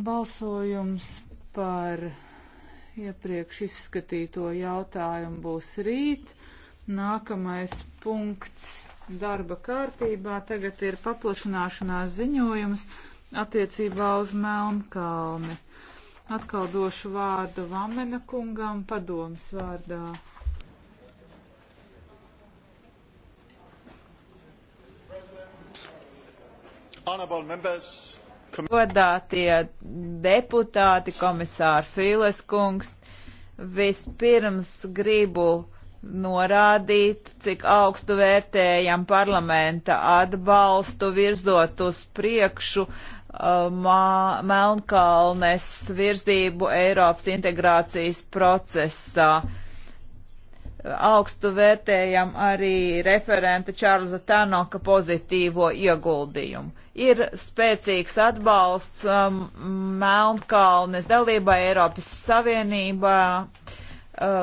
Balsojums par iepriekš izskatīto jautājumu būs rīt. Nākamais punkts darba kārtībā tagad ir paplašanāšanās ziņojums attiecībā uz Melnkalni. Atkal došu vārdu Vamena kungam padomas vārdā. Honorable members, Godātie deputāti, komisāri Fīles kungs, vispirms gribu norādīt, cik augstu vērtējam parlamenta atbalstu virzot uz priekšu uh, mā, Melnkalnes virzību Eiropas integrācijas procesā augstu vērtējam arī referenta Čārlza Tanoka pozitīvo ieguldījumu. Ir spēcīgs atbalsts um, Melnkalnes dalībai Eiropas Savienībā, uh,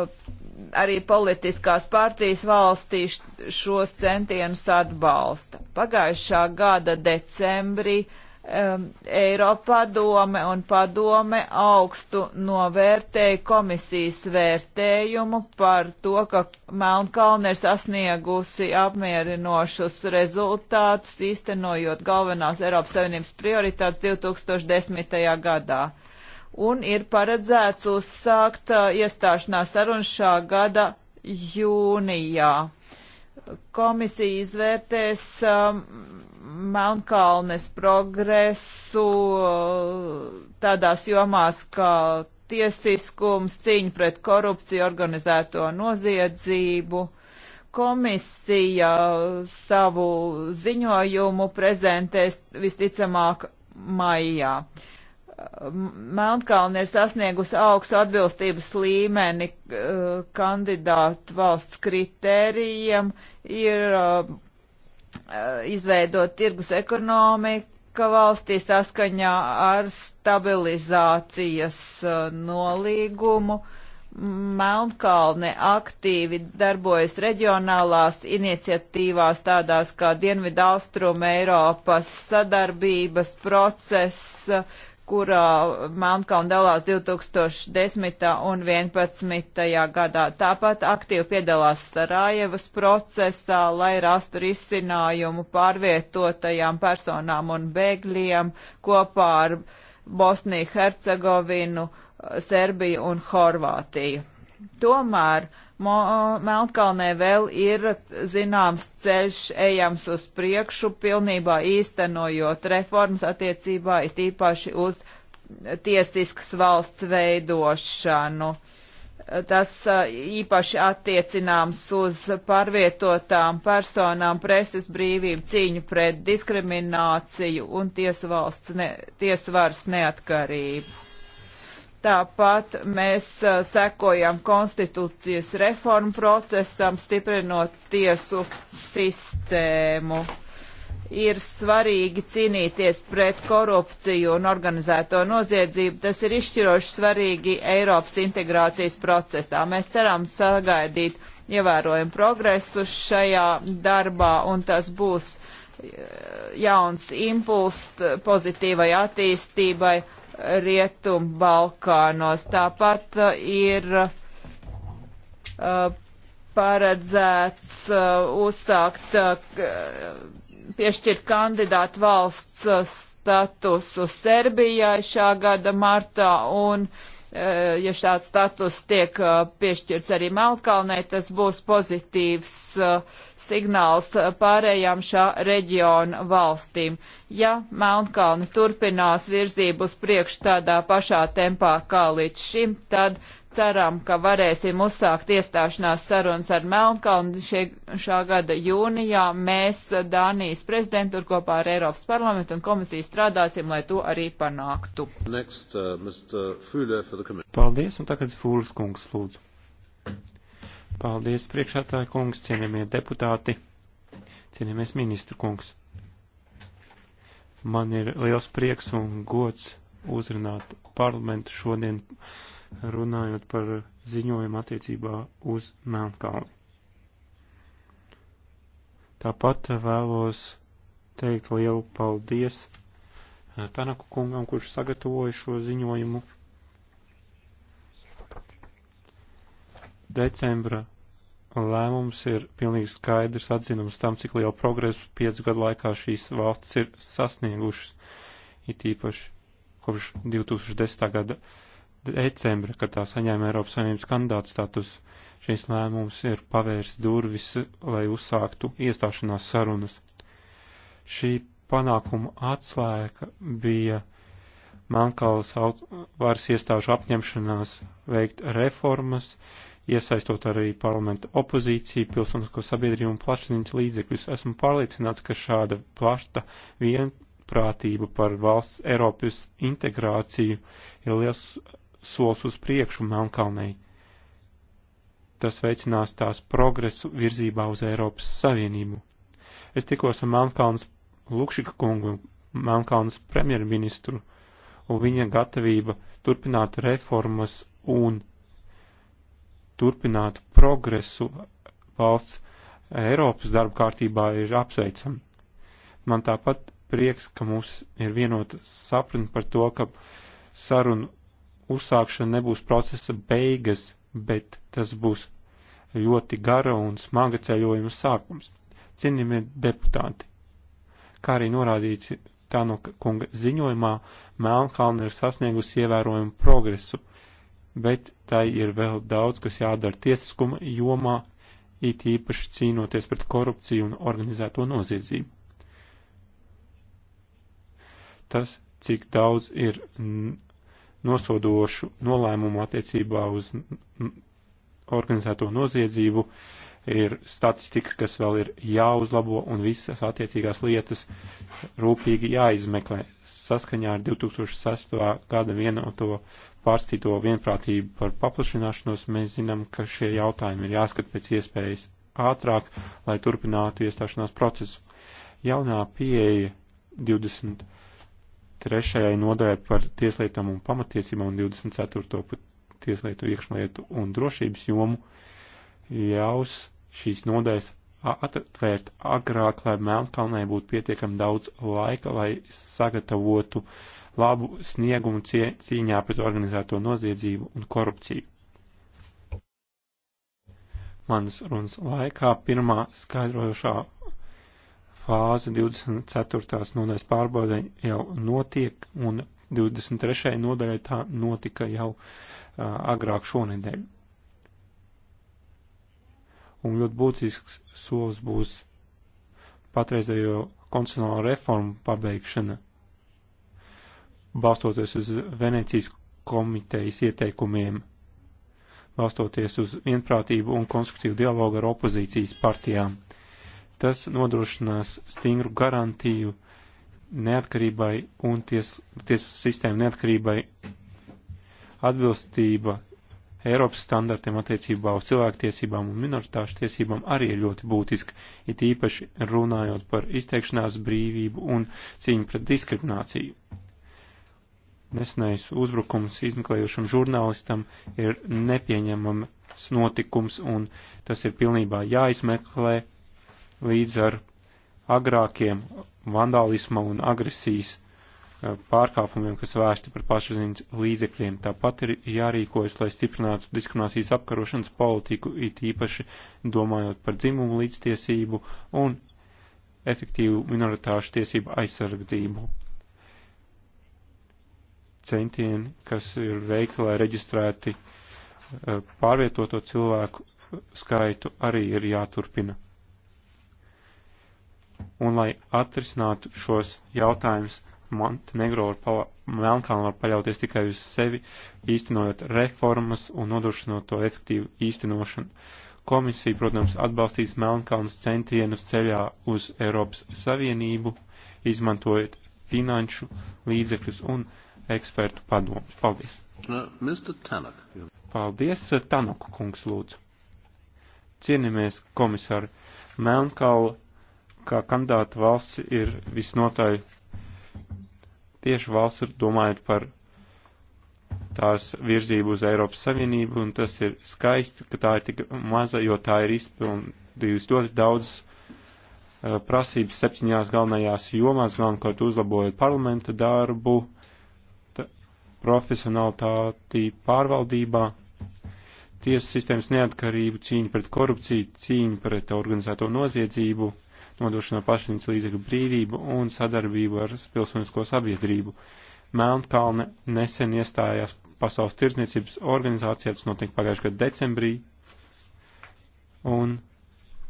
arī politiskās partijas valstīs šos centienus atbalsta. Pagājušā gada decembrī uh, um, Eiropadome un padome augstu novērtēja komisijas vērtējumu par to, ka Melnkalne ir sasniegusi apmierinošus rezultātus, īstenojot galvenās Eiropas Savienības prioritātes 2010. gadā. Un ir paredzēts uzsākt uh, iestāšanās sarunas šā gada jūnijā. Komisija izvērtēs um, Melnkalnes progresu tādās jomās, kā tiesiskums, cīņa pret korupciju, organizēto noziedzību. Komisija savu ziņojumu prezentēs visticamāk maijā. Melnkalna ir sasniegusi augstu atbilstības līmeni eh, kandidātu valsts kritērijiem, ir eh, Eh, izveidot tirgus ekonomika valstī saskaņā ar stabilizācijas eh, nolīgumu. Melnkalne aktīvi darbojas reģionālās iniciatīvās tādās kā Dienvidu Austrum Eiropas sadarbības process, kurā Melnkalna dalās 2010. un 2011. gadā. Tāpat aktīvi piedalās Sarajevas procesā, lai rastu risinājumu pārvietotajām personām un bēgļiem kopā ar Bosniju, Hercegovinu, Serbiju un Horvātiju. Tomēr Melnkalnē vēl ir zināms ceļš ejams uz priekšu, pilnībā īstenojot reformas attiecībā it īpaši uz tiesiskas valsts veidošanu. Tas īpaši attiecināms uz pārvietotām personām, preses brīvību, cīņu pret diskrimināciju un tiesu valsts ne, tiesu varas neatkarību Tāpat mēs sekojam konstitūcijas reformu procesam, stiprinot tiesu sistēmu. Ir svarīgi cīnīties pret korupciju un organizēto noziedzību. Tas ir izšķiroši svarīgi Eiropas integrācijas procesā. Mēs ceram sagaidīt ievērojumu progresu šajā darbā, un tas būs jauns impuls pozitīvai attīstībai Rietumu Balkānos. Tāpat uh, ir uh, paredzēts uh, uzsākt, uh, piešķirt kandidātu valsts uh, statusu Serbijai šā gada martā un uh, Ja šāds status tiek piešķirts arī Melkalnei, tas būs pozitīvs uh, signāls eh, pārējām šā reģiona valstīm. Ja Melnkalni turpinās virzību uz priekšu tādā pašā tempā kā līdz šim, tad ceram, ka varēsim uzsākt iestāšanās sarunas ar Melnkalni šie, šā gada jūnijā. Mēs eh, Dānijas prezidentūru kopā ar Eiropas parlamentu un komisiju strādāsim, lai to arī panāktu. Next, uh, Paldies, un tagad Fūles kungs lūdzu. Paldies, priekšētāja kungs, cienījamie deputāti, cienījamies ministru kungs. Man ir liels prieks un gods uzrunāt parlamentu šodien runājot par ziņojumu attiecībā uz Melnkalni. Tāpat vēlos teikt lielu paldies eh, Tanaku kungam, kurš sagatavoja šo ziņojumu decembra lēmums ir pilnīgi skaidrs atzinums tam, cik lielu progresu piecu gadu laikā šīs valsts ir sasniegušas, it īpaši kopš 2010. gada decembra, kad tā saņēma Eiropas Savienības kandidāta status. Šis lēmums ir pavērs durvis, lai uzsāktu iestāšanās sarunas. Šī panākuma atslēga bija Mankalas varas iestāžu apņemšanās veikt reformas, iesaistot arī parlamentu opozīciju, pilsonisko sabiedrību un plašsaziņas līdzekļus. Esmu pārliecināts, ka šāda plašta vienprātība par valsts Eiropas integrāciju ir liels solis uz priekšu Melnkalnei. Tas veicinās tās progresu virzībā uz Eiropas Savienību. Es tikos ar Melnkalnas Lukšika kungu, Melnkalnas premjerministru, un viņa gatavība turpināt reformas un turpinātu progresu valsts Eiropas darba kārtībā ir apsveicama. Man tāpat prieks, ka mums ir vienota sapratne par to, ka sarunu uzsākšana nebūs procesa beigas, bet tas būs ļoti gara un smaga ceļojuma sākums. Cienījamie deputāti, kā arī norādīts tā no kunga ziņojumā, Melnkalna ir sasniegusi ievērojumu progresu bet tai ir vēl daudz, kas jādara tiesiskuma jomā, it īpaši cīnoties pret korupciju un organizēto noziedzību. Tas, cik daudz ir nosodošu nolēmumu attiecībā uz organizēto noziedzību, ir statistika, kas vēl ir jāuzlabo un visas attiecīgās lietas rūpīgi jāizmeklē saskaņā ar 2006. gada vienoto pārstīto vienprātību par paplašināšanos, mēs zinām, ka šie jautājumi ir jāskat pēc iespējas ātrāk, lai turpinātu iestāšanās procesu. Jaunā pieeja 23. nodaļa par tieslietām un pamatiesībām un 24. par tieslietu, iekšlietu un drošības jomu ļaus šīs nodaļas atvērt agrāk, lai Melnkalnē būtu pietiekami daudz laika, lai sagatavotu labu sniegumu cīņā pret organizēto noziedzību un korupciju. Manas runas laikā pirmā skaidrojošā fāze 24. nodaļas pārbaudē jau notiek, un 23. nodaļai tā notika jau uh, agrāk šonedēļ un ļoti būtisks solis būs patreizējo konstitucionālo reformu pabeigšana, balstoties uz Venecijas komitejas ieteikumiem, balstoties uz vienprātību un konstruktīvu dialogu ar opozīcijas partijām. Tas nodrošinās stingru garantiju neatkarībai un ties, tiesas sistēmu neatkarībai. Atbilstība Eiropas standartiem attiecībā uz cilvēktiesībām un minoritāšu tiesībām arī ir ļoti būtiska, it īpaši runājot par izteikšanās brīvību un cīņu pret diskrimināciju. Nesenais uzbrukums izmeklējušam žurnālistam ir nepieņemams notikums un tas ir pilnībā jāizmeklē līdz ar agrākiem vandālisma un agresijas Eh, pārkāpumiem, kas vērsti par pašaziņas līdzekļiem. Tāpat ir jārīkojas, lai stiprinātu diskriminācijas apkarošanas politiku, it īpaši domājot par dzimumu līdztiesību un efektīvu minoritāšu tiesību aizsardzību. Centieni, kas ir veikti, lai reģistrēti eh, pārvietoto cilvēku skaitu, arī ir jāturpina. Un, lai atrisinātu šos jautājumus, Montenegro var Melnkalna var paļauties tikai uz sevi, īstenojot reformas un nodrošinot to efektīvu īstenošanu. Komisija, protams, atbalstīs Melnkalnas centienus ceļā uz Eiropas Savienību, izmantojot finanšu līdzekļus un ekspertu padomus. Paldies! Uh, Paldies, uh, Tanoku kungs lūdzu! Cienamies, komisāri, Melnkala kā kandidāta valsts ir visnotaļ tieši valsts domājot par tās virzību uz Eiropas Savienību, un tas ir skaisti, ka tā ir tik maza, jo tā ir izpildījusi ļoti daudz uh, prasības septiņās galvenajās jomās, galvenokārt uzlabojot parlamenta darbu, profesionalitāti pārvaldībā, tiesu sistēmas neatkarību, cīņu pret korupciju, cīņu pret organizēto noziedzību, nodrošinot plašsaziņas līdzekļu brīvību un sadarbību ar pilsonisko sabiedrību. Melnkalne nesen iestājās Pasaules tirdzniecības organizācijā, tas notika pagājušajā gadā decembrī, un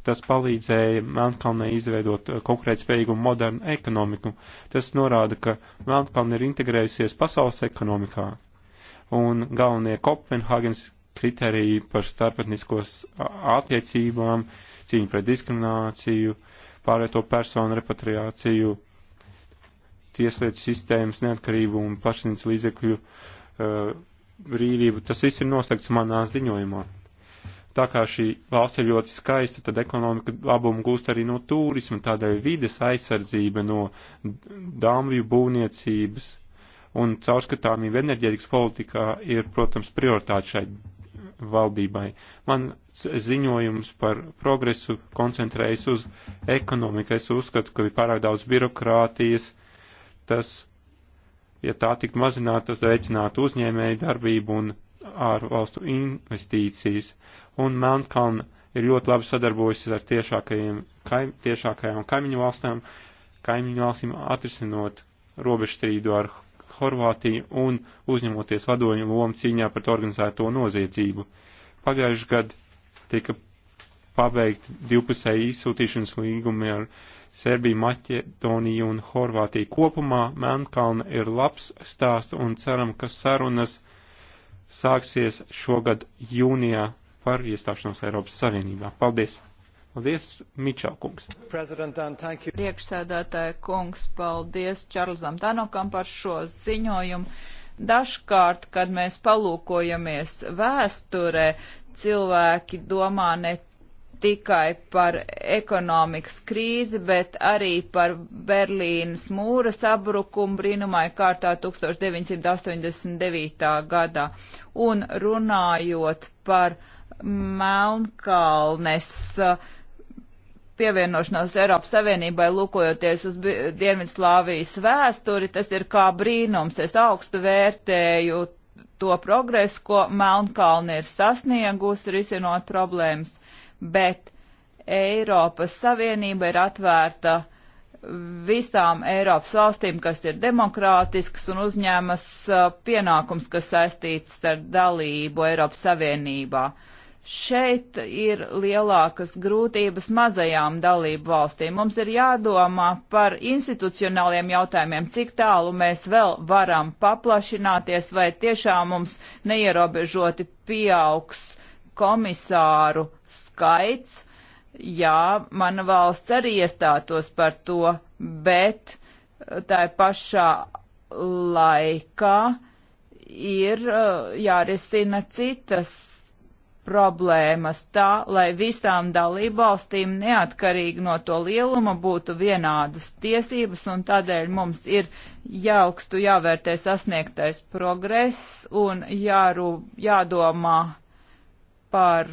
tas palīdzēja Melnkalnē izveidot eh, konkurētspējīgu un modernu ekonomiku. Tas norāda, ka Melnkalne ir integrējusies pasaules ekonomikā, un galvenie Kopenhāgens kriteriji par starptautiskos attiecībām, cīņu pret diskrimināciju, uh, pārēto personu repatriāciju, tieslietu sistēmas neatkarību un plašinas līdzekļu uh, brīvību. Tas viss ir noslēgts manā ziņojumā. Tā kā šī valsts ir ļoti skaista, tad ekonomika labumu gūst arī no turisma, tādēļ vides aizsardzība no dāmju būvniecības un caurskatāmība enerģētikas politikā ir, protams, prioritāte šai valdībai. Man ziņojums par progresu koncentrējas uz ekonomiku. Es uzskatu, ka ir pārāk daudz birokrātijas. Tas, ja tā tiktu mazināt, tas veicinātu uzņēmēju darbību un ārvalstu investīcijas. Un Melnkalna ir ļoti labi sadarbojusies ar tiešākajiem, kaim, tiešākajām kaimiņu valstām, kaimiņu valstīm atrisinot robežstrīdu ar Horvātiju un uzņemoties vadoņu lomu cīņā pret organizēto noziedzību. Pagājuši gad tika pabeigti divpusēji izsūtīšanas līgumi ar Serbiju, Maķedoniju un Horvātiju kopumā. Melnkalna ir labs stāsts un ceram, ka sarunas sāksies šogad jūnijā par iestāšanos Eiropas Savienībā. Paldies! Paldies, Mičā kungs. Priekšsēdētāja kungs, paldies Čarlzam Tanokam par šo ziņojumu. Dažkārt, kad mēs palūkojamies vēsturē, cilvēki domā ne tikai par ekonomikas krīzi, bet arī par Berlīnas mūra sabrukumu brīnumai kārtā 1989. gadā. Un runājot par Melnkalnes uh, pievienošanās Eiropas Savienībai, lūkojoties uz Dienvidslāvijas vēsturi, tas ir kā brīnums. Es augstu vērtēju to progresu, ko Melnkalni ir sasniegusi, risinot problēmas, bet Eiropas Savienība ir atvērta visām Eiropas valstīm, kas ir demokrātiskas un uzņēmas uh, pienākums, kas saistīts ar dalību Eiropas Savienībā. Uh, Šeit ir lielākas grūtības mazajām dalību valstīm. Mums ir jādomā par institucionāliem jautājumiem, cik tālu mēs vēl varam paplašināties, vai tiešām mums neierobežoti pieaugs komisāru skaits. Jā, mana valsts arī iestātos par to, bet eh, tā pašā laikā ir eh, jārisina citas problēmas tā, lai visām dalībvalstīm neatkarīgi no to lieluma būtu vienādas tiesības, un tādēļ mums ir jāaugstu jāvērtē sasniegtais progress un jāru, jādomā par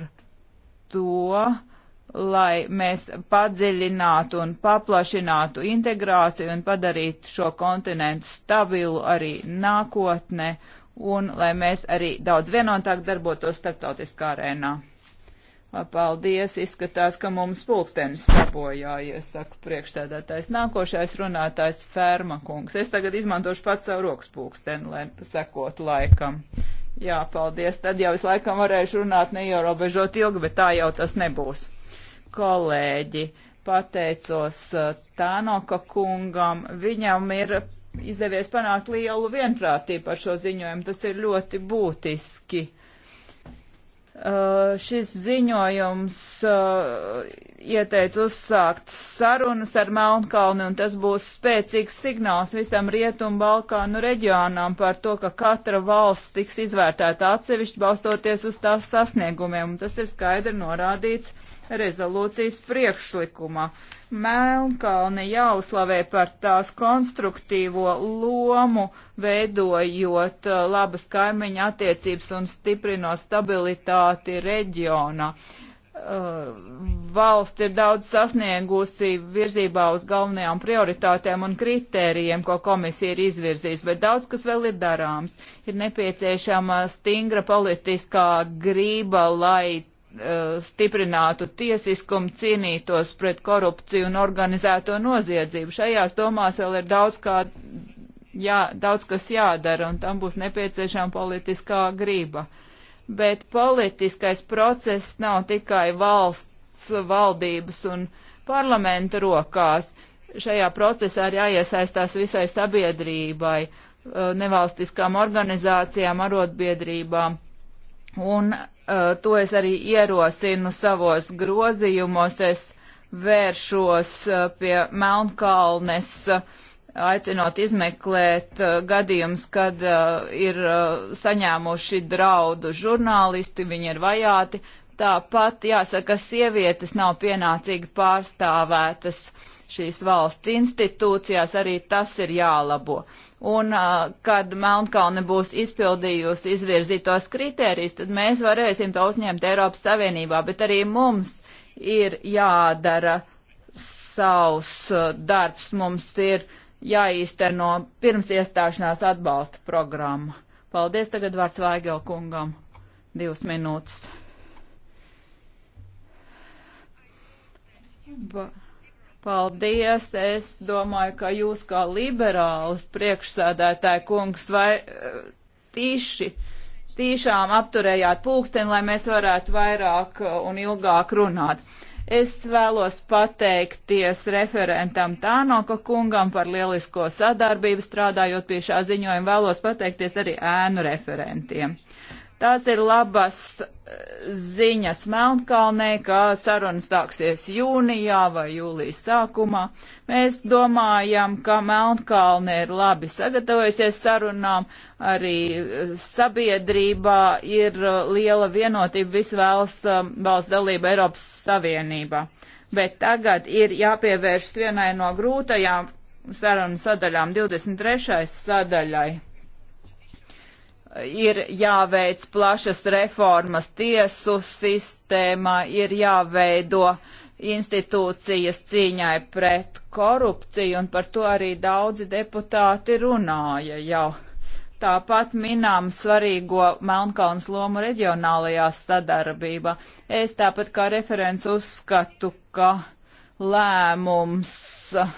to, lai mēs padziļinātu un paplašinātu integrāciju un padarītu šo kontinentu stabilu arī nākotnē un lai mēs arī daudz vienotāk darbotos starptautiskā arēnā. Paldies, izskatās, ka mums pulkstenis sapojājies, saka priekšsēdētājs. Nākošais runātājs Ferma kungs. Es tagad izmantošu pats savu rokas pulksteni, lai sekotu laikam. Jā, paldies. Tad jau es laikam varēšu runāt neierobežot ilgi, bet tā jau tas nebūs. Kolēģi, pateicos uh, Tānoka kungam. Viņam ir izdevies panākt lielu vienprātību par šo ziņojumu. Tas ir ļoti būtiski. Uh, šis ziņojums uh, ieteica uzsākt sarunas ar Melnkalni, un tas būs spēcīgs signāls visam Rietumu Balkānu reģionām par to, ka katra valsts tiks izvērtēta atsevišķi, balstoties uz tās sasniegumiem, un tas ir skaidri norādīts rezolūcijas priekšlikumā. Melnkalni jāuzslavē par tās konstruktīvo lomu, veidojot uh, labas kaimiņa attiecības un stiprinot stabilitāti reģionā. Uh, valsts ir daudz sasniegusi virzībā uz galvenajām prioritātēm un kritērijiem, ko komisija ir izvirzījis, bet daudz kas vēl ir darāms. Ir nepieciešama stingra politiskā grība, lai Eh, stiprinātu tiesiskumu, cīnītos pret korupciju un organizēto noziedzību. Šajās domās vēl ir daudz, kā, jā, daudz kas jādara, un tam būs nepieciešama politiskā grība. Bet politiskais process nav tikai valsts, valdības un parlamenta rokās. Šajā procesā ir jāiesaistās visai sabiedrībai, eh, nevalstiskām organizācijām, arotbiedrībām Un uh, to es arī ierosinu savos grozījumos. Es vēršos uh, pie Melnkalnes, uh, aicinot izmeklēt uh, gadījums, kad uh, ir uh, saņēmuši draudu žurnālisti, viņi ir vajāti, Tāpat jāsaka, ka sievietes nav pienācīgi pārstāvētas šīs valsts institūcijās, arī tas ir jālabo. Un kad Melnkalne būs izpildījusi izvirzītos kritērijus, tad mēs varēsim to uzņemt Eiropas Savienībā, bet arī mums ir jādara savs darbs, mums ir jāīsteno pirms iestāšanās atbalsta programma. Paldies, tagad vārds Vaigel kungam. Divas minūtes. Ba Paldies! Es domāju, ka jūs kā liberāls priekšsādātāja kungs vai eh, tīši, tīšām apturējāt pulksteni, lai mēs varētu vairāk eh, un ilgāk runāt. Es vēlos pateikties referentam Tānoka kungam par lielisko sadarbību strādājot pie šā ziņojuma. Vēlos pateikties arī ēnu referentiem. Tās ir labas eh, ziņas Melnkalnē, ka sarunas sāksies jūnijā vai jūlijas sākumā. Mēs domājam, ka Melnkalne ir labi sagatavojusies sarunām, arī eh, sabiedrībā ir eh, liela vienotība, visi vēlas valsts dalība Eiropas Savienībā. Bet tagad ir jāpievēršas vienai no grūtajām sarunu sadaļām, 23. sadaļai ir jāveic plašas reformas tiesu sistēmā, ir jāveido institūcijas cīņai pret korupciju, un par to arī daudzi deputāti runāja jau. Tāpat minām svarīgo Melnkalnas lomu reģionālajā sadarbībā. Es tāpat kā referents uzskatu, ka lēmums uh,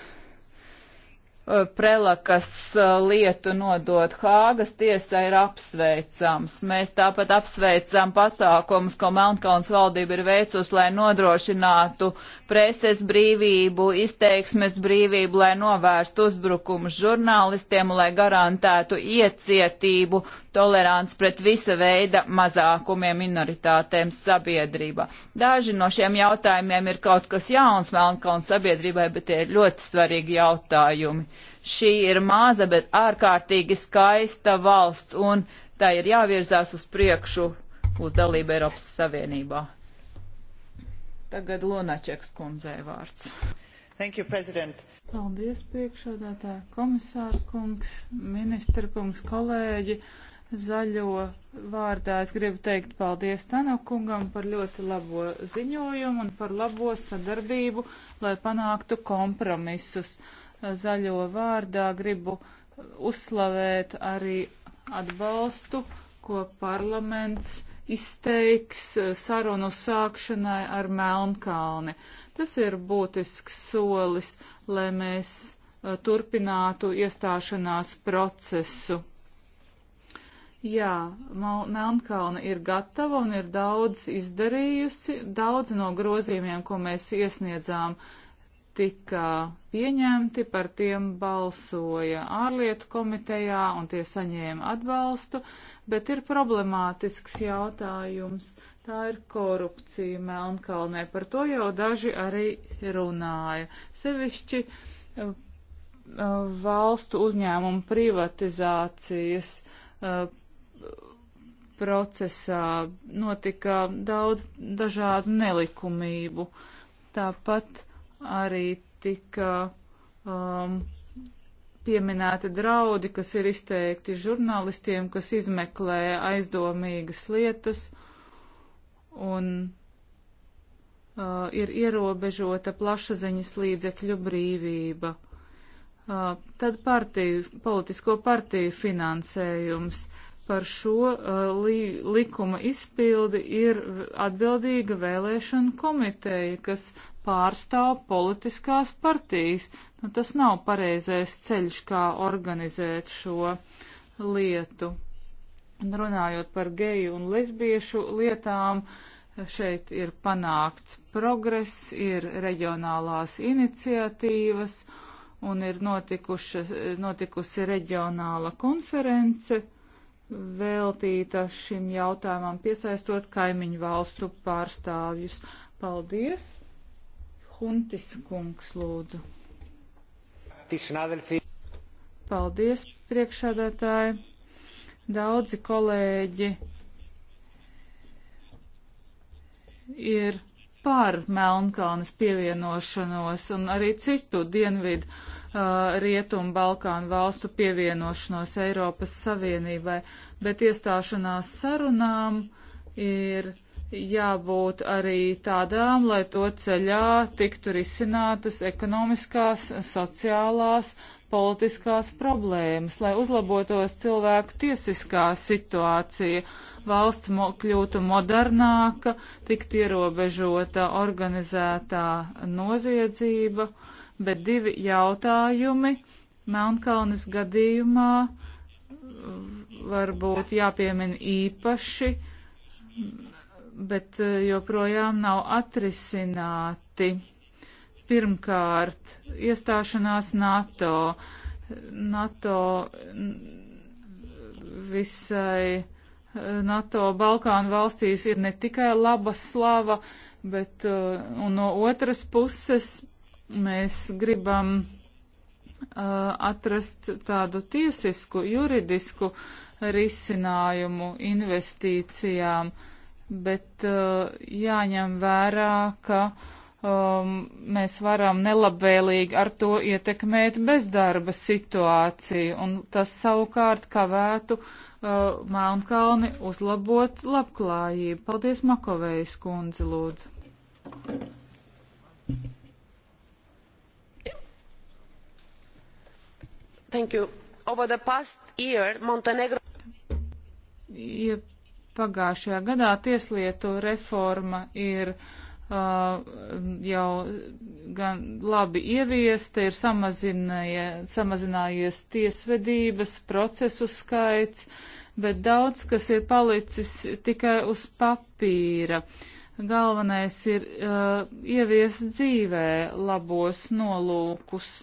Eh, prelakas eh, lietu nodot Hāgas tiesai ir apsveicams. Mēs tāpat apsveicam pasākumus, ko Melnkalns valdība ir veicus, lai nodrošinātu preses brīvību, izteiksmes brīvību, lai novērstu uzbrukumus žurnālistiem, lai garantētu iecietību, tolerants pret visa veida mazākumiem, minoritātēm sabiedrībā. Daži no šiem jautājumiem ir kaut kas jauns Melnkalns sabiedrībai, bet tie ir ļoti svarīgi jautājumi. Šī ir maza, bet ārkārtīgi skaista valsts, un tā ir jāvirzās uz priekšu uz dalību Eiropas Savienībā. Tagad Lunačeks kundzei vārds. Thank you, President. Paldies, priekšādātā komisāra kungs, ministra kungs, kolēģi. Zaļo vārdā es gribu teikt paldies Tanokungam par ļoti labo ziņojumu un par labo sadarbību, lai panāktu kompromisus zaļo vārdā gribu uzslavēt arī atbalstu, ko parlaments izteiks sarunu sākšanai ar Melnkalni. Tas ir būtisks solis, lai mēs eh, turpinātu iestāšanās procesu. Jā, Melnkalna ir gatava un ir daudz izdarījusi. Daudz no grozījumiem, ko mēs iesniedzām, uh, tika pieņemti, par tiem balsoja ārlietu komitejā un tie saņēma atbalstu, bet ir problemātisks jautājums. Tā ir korupcija Melnkalnē. Par to jau daži arī runāja. Sevišķi uh, uh valstu uzņēmumu privatizācijas uh, procesā notika daudz dažādu nelikumību. Tāpat uh, arī tika um, pieminēti draudi, kas ir izteikti žurnālistiem, kas izmeklē aizdomīgas lietas un uh, ir ierobežota plašsaziņas līdzekļu brīvība. Uh, tad partiju, politisko partiju finansējums. Uh, par šo uh, li, likuma izpildi ir atbildīga vēlēšana komiteja, kas pārstāv politiskās partijas. Nu, tas nav pareizais ceļš, kā organizēt šo lietu. Un runājot par geju un lesbiešu lietām, šeit ir panākts progress, ir reģionālās iniciatīvas un ir notikuši, notikusi reģionāla konference veltīta šim jautājumam, piesaistot kaimiņu valstu pārstāvjus. Paldies! Huntis kungs lūdzu. Paldies, priekšādētāji! Daudzi kolēģi ir par Melnkalnes pievienošanos un arī citu dienvidu uh, rietumu Balkānu valstu pievienošanos Eiropas Savienībai, bet iestāšanās sarunām ir jābūt arī tādām, lai to ceļā tiktu risinātas ekonomiskās, sociālās, politiskās problēmas, lai uzlabotos cilvēku tiesiskā situācija, valsts mo kļūtu modernāka, tiktu ierobežota organizētā noziedzība, bet divi jautājumi Melnkalnes gadījumā varbūt jāpiemina īpaši bet eh, joprojām nav atrisināti. Pirmkārt, iestāšanās NATO. NATO visai eh, NATO Balkānu valstīs ir ne tikai laba slava, bet eh, un no otras puses mēs gribam atrast tādu tiesisku, juridisku risinājumu investīcijām. Uh, bet uh, jāņem vērā, ka um, mēs varam nelabvēlīgi ar to ietekmēt bezdarba situāciju, un tas savukārt kavētu uh, Melnkalni uzlabot labklājību. Paldies Makovējas kundze, lūdzu. Thank you. Over the past year, Montenegro. Yep. Ja Pagājušajā gadā tieslietu reforma ir uh, jau gan labi ieviesta, ir samazinājies tiesvedības procesu skaits, bet daudz, kas ir palicis tikai uz papīra. Galvenais ir uh, ieviest dzīvē labos nolūkus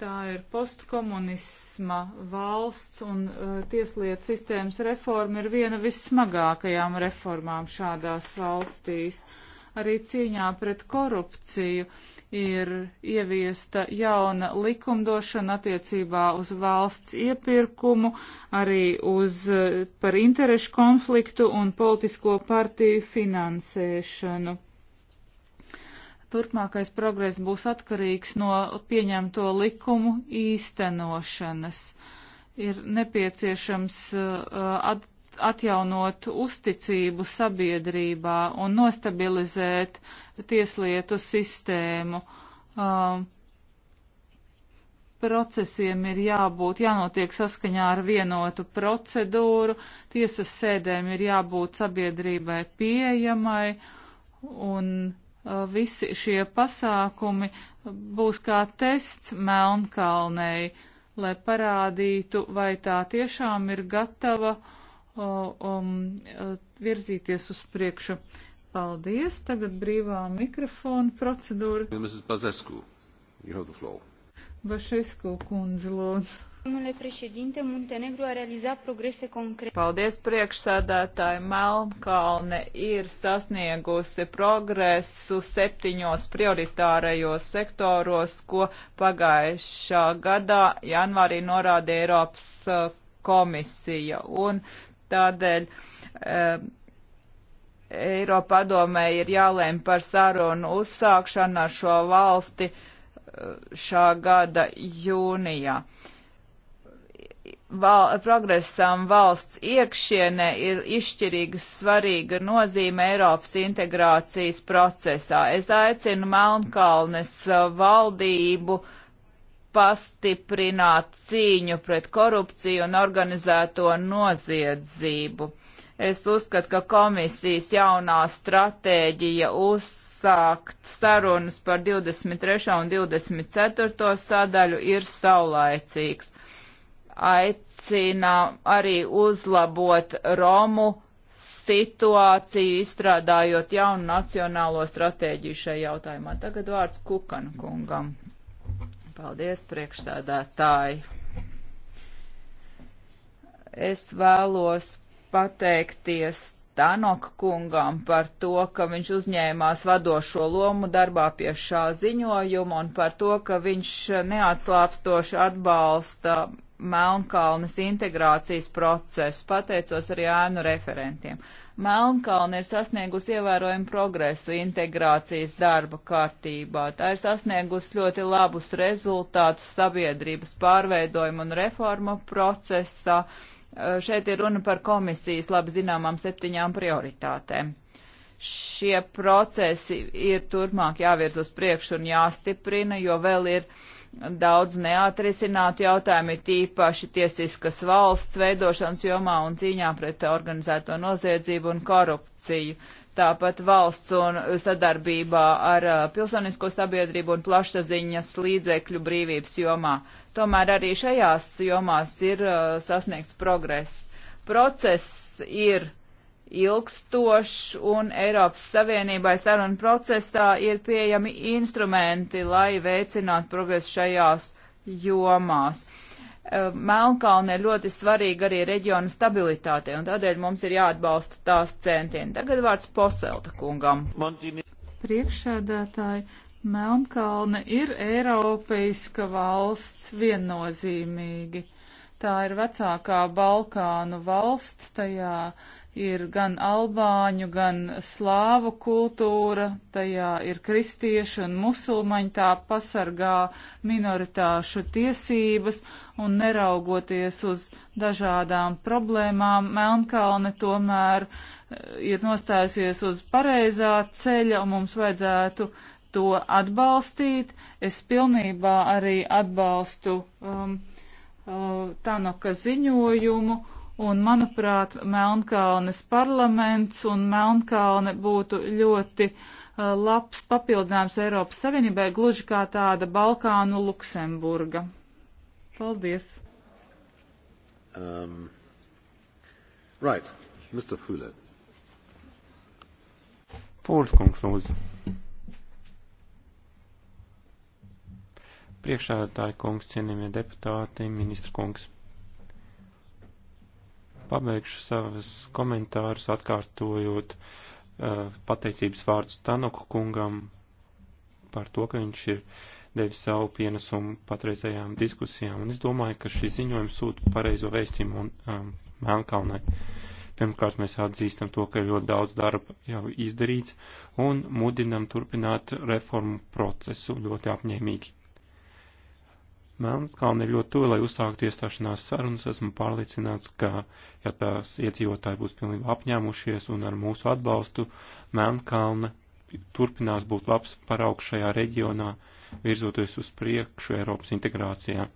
tā ir postkomunisma valsts un uh, tieslietu sistēmas reforma ir viena vissmagākajām reformām šādās valstīs. Arī cīņā pret korupciju ir ieviesta jauna likumdošana attiecībā uz valsts iepirkumu, arī uz, uh, par interešu konfliktu un politisko partiju finansēšanu turpmākais progress būs atkarīgs no pieņemto likumu īstenošanas. Ir nepieciešams uh, at, atjaunot uzticību sabiedrībā un nostabilizēt tieslietu sistēmu. Um, procesiem ir jābūt, jānotiek saskaņā ar vienotu procedūru, tiesas sēdēm ir jābūt sabiedrībai pieejamai un Uh, visi šie pasākumi būs kā tests Melnkalnei, lai parādītu, vai tā tiešām ir gatava uh, um, uh, virzīties uz priekšu. Paldies. Tagad brīvā mikrofona procedūra. Mrs. Bazescu, you have the floor. Bašesku kundze, lūdzu. Domnule președinte, Muntenegru a realizat progrese concrete. Paldies priekšsēdētāji. Melnkalne ir sasniegusi progresu septiņos prioritārajos sektoros, ko pagājušā gadā janvārī norādīja Eiropas eh, komisija. Un tādēļ e, Eiropadomē ir jālēm par sarunu uzsākšanu ar šo valsti eh, šā gada jūnijā val, progresam valsts iekšienē ir izšķirīga svarīga nozīme Eiropas integrācijas procesā. Es aicinu Melnkalnes uh, valdību pastiprināt cīņu pret korupciju un organizēto noziedzību. Es uzskatu, ka komisijas jaunā stratēģija uzsākt sarunas par 23. un 24. sadaļu ir saulaicīgs aicina arī uzlabot Romu situāciju, izstrādājot jaunu nacionālo stratēģiju šajā jautājumā. Tagad vārds Kukan kungam. Paldies, priekšsēdētāji. Es vēlos pateikties Tanok kungam par to, ka viņš uzņēmās vadošo lomu darbā pie šā ziņojuma un par to, ka viņš neatslāpstoši atbalsta Melnkalnes integrācijas procesu. Pateicos arī ēnu referentiem. Melnkalne ir sasniegusi ievērojumu progresu integrācijas darba kārtībā. Tā ir sasniegusi ļoti labus rezultātus sabiedrības pārveidojuma un reforma procesā. Šeit ir runa par komisijas labi zināmām septiņām prioritātēm šie procesi ir turpmāk jāvirz uz priekšu un jāstiprina, jo vēl ir daudz neatrisinātu jautājumu, ir tīpaši tiesiskas valsts veidošanas jomā un cīņā pret organizēto noziedzību un korupciju. Tāpat valsts un sadarbībā ar uh, pilsonisko sabiedrību un plašsaziņas līdzekļu brīvības jomā. Tomēr arī šajās jomās ir uh, sasniegts progress. Process ir ilgstošs un Eiropas Savienībai sarunu procesā ir pieejami instrumenti, lai veicinātu progresu šajās jomās. E, Melnkalne ir ļoti svarīga arī reģiona stabilitātei, un tādēļ mums ir jāatbalsta tās centieni. Tagad vārds Poselta kungam. Priekšsēdētāji, Melnkalne ir Eiropeiska valsts viennozīmīgi Tā ir vecākā Balkānu valsts, tajā ir gan albāņu, gan slāvu kultūra, tajā ir kristieši un musulmaņi, tā pasargā minoritāšu tiesības un neraugoties uz dažādām problēmām, Melnkalne tomēr eh, ir nostājusies uz pareizā ceļa un mums vajadzētu to atbalstīt. Es pilnībā arī atbalstu. Um, Uh, Tanaka ziņojumu, un, manuprāt, Melnkalnes parlaments un Melnkalne būtu ļoti uh, labs papildinājums Eiropas Savienībai, gluži kā tāda Balkānu Luksemburga. Paldies! Um, right, Mr. Fuller. Fūlskungs lūdzu. Priekšādātāji kungs, cienījamie deputāti, ministra kungs. Pabeigšu savas komentārus atkārtojot uh, pateicības vārds Tanoku kungam par to, ka viņš ir devis savu pienesumu patreizējām diskusijām. Un es domāju, ka šī ziņojuma sūta pareizo vēstījumu un um, Melnkalnai. Pirmkārt, mēs atzīstam to, ka ļoti daudz darba jau izdarīts un mudinam turpināt reformu procesu ļoti apņēmīgi. Melnkalna ir ļoti tuvu, lai uzsāktu iestāšanās sarunas. Esmu pārliecināts, ka, ja tās iedzīvotāji būs pilnībā apņēmušies un ar mūsu atbalstu, Melnkalna turpinās būt labs paraugs šajā reģionā, virzoties uz priekšu Eiropas integrācijā.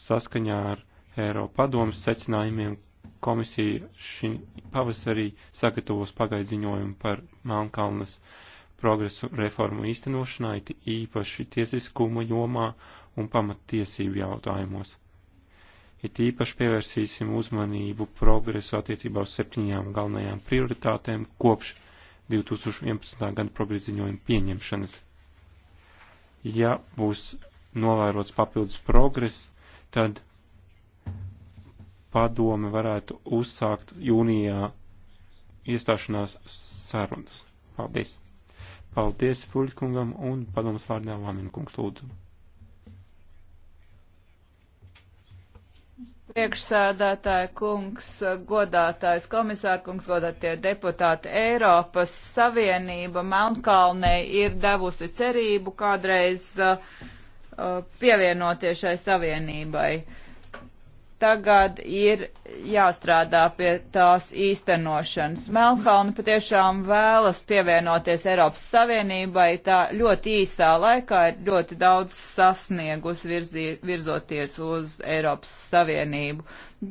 Saskaņā ar Eiropa padomas secinājumiem komisija šī pavasarī sagatavos pagaidziņojumu par Melnkalnes uh, progresu reformu īstenošanā, it īpaši tiesiskuma jomā un pamattiesību jautājumos. It īpaši pievērsīsim uzmanību progresu attiecībā uz septiņām galvenajām prioritātēm kopš 2011. gada progresa ziņojuma pieņemšanas. Ja būs novērots papildus progress, tad padome varētu uzsākt jūnijā iestāšanās sarunas. Paldies! Paldies Fuļskungam un padomas vārdā Lamina kungs lūdzu. Priekšsēdētāja kungs, godātājs komisāra kungs, godātie deputāti, Eiropas Savienība Melnkalnē ir devusi cerību kādreiz uh, uh pievienoties šai savienībai. Uh, tagad ir jāstrādā pie tās īstenošanas. Melnkalna patiešām vēlas pievienoties Eiropas Savienībai, tā ļoti īsā laikā ir ļoti daudz sasniegus virzī, virzoties uz Eiropas Savienību.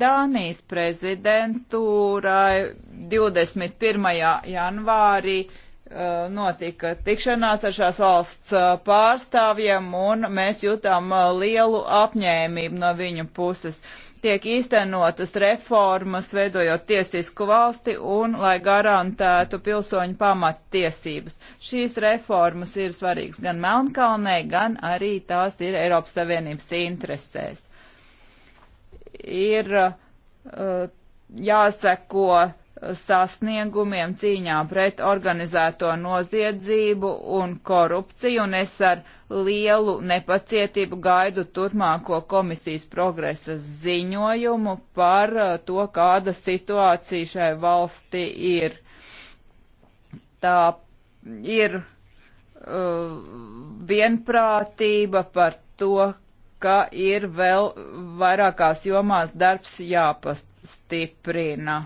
Dānijas prezidentūrai 21. janvārī uh, notika tikšanās ar šās valsts uh, pārstāvjiem, un mēs jutām uh, lielu apņēmību no viņu puses. Uh, tiek īstenotas reformas, veidojot tiesisku valsti un lai garantētu pilsoņu pamattiesības. Šīs reformas ir svarīgas gan Melnkalnē, gan arī tās ir Eiropas Savienības interesēs. Ir uh, jāseko sasniegumiem cīņā pret organizēto noziedzību un korupciju, un es ar lielu nepacietību gaidu turpmāko komisijas progresa ziņojumu par uh, to, kāda situācija šai valsti ir. Tā ir uh, vienprātība par to, ka ir vēl vairākās jomās darbs jāpastiprina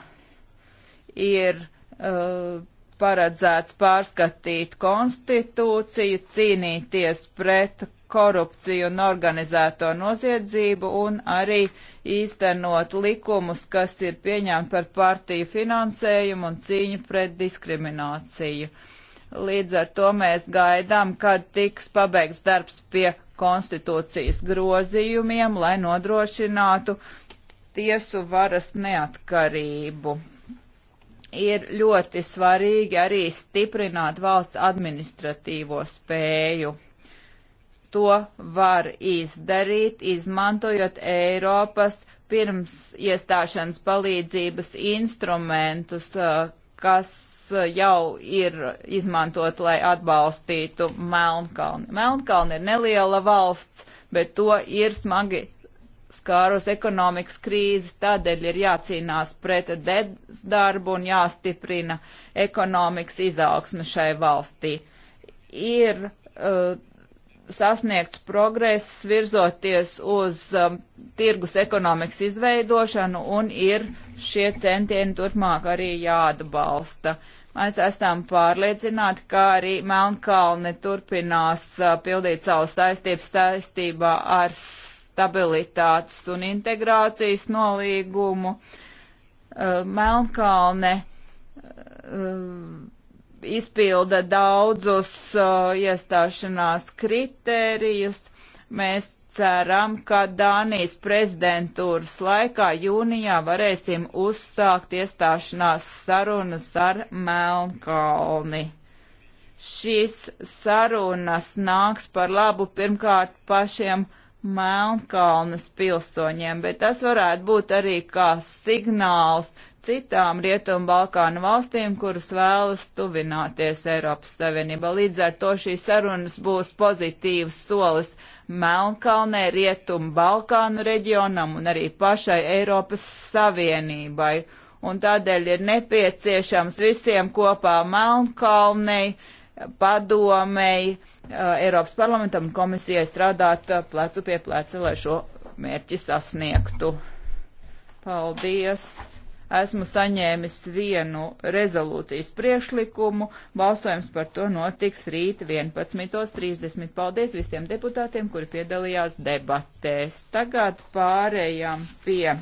ir uh, paredzēts pārskatīt konstitūciju, cīnīties pret korupciju un organizēto noziedzību un arī īstenot likumus, kas ir pieņemti par partiju finansējumu un cīņu pret diskrimināciju. Līdz ar to mēs gaidām, kad tiks pabeigts darbs pie konstitūcijas grozījumiem, lai nodrošinātu tiesu varas neatkarību ir ļoti svarīgi arī stiprināt valsts administratīvo spēju. To var izdarīt, izmantojot Eiropas pirms iestāšanas palīdzības instrumentus, uh, kas uh, jau ir izmantot, lai atbalstītu Melnkalni. Melnkalni ir neliela valsts, bet to ir smagi skārus ekonomikas krīzi, tādēļ ir jācīnās pret bezdarbu un jāstiprina ekonomikas izaugsme šai valstī. Ir uh, sasniegts progress virzoties uz um, tirgus ekonomikas izveidošanu un ir šie centieni turpmāk arī jāatbalsta. Mēs esam pārliecināti, ka arī Melnkalne turpinās uh, pildīt savu saistību saistībā ar stabilitātes un integrācijas nolīgumu. Uh, Melnkalne uh, izpilda daudzus uh, iestāšanās kritērijus. Mēs ceram, ka Dānijas prezidentūras laikā jūnijā varēsim uzsākt iestāšanās sarunas ar Melnkalni. Šīs sarunas nāks par labu pirmkārt pašiem Melnkalni Melnkalnes pilsoņiem, bet tas varētu būt arī kā signāls citām Rietumu Balkānu valstīm, kuras vēlas tuvināties Eiropas Savienībā. Līdz ar to šīs sarunas būs pozitīvs solis Melnkalnē, Rietumu Balkānu reģionam un arī pašai Eiropas Savienībai. Un tādēļ ir nepieciešams visiem kopā Melnkalnei padomēji, uh, Eiropas parlamentam un komisijai strādāt uh, plecu pie pleca, lai šo mērķi sasniegtu. Paldies! Esmu saņēmis vienu rezolūcijas priekšlikumu. Balsojums par to notiks rīt 11.30. Paldies visiem deputātiem, kuri piedalījās debatēs. Tagad pārējām pie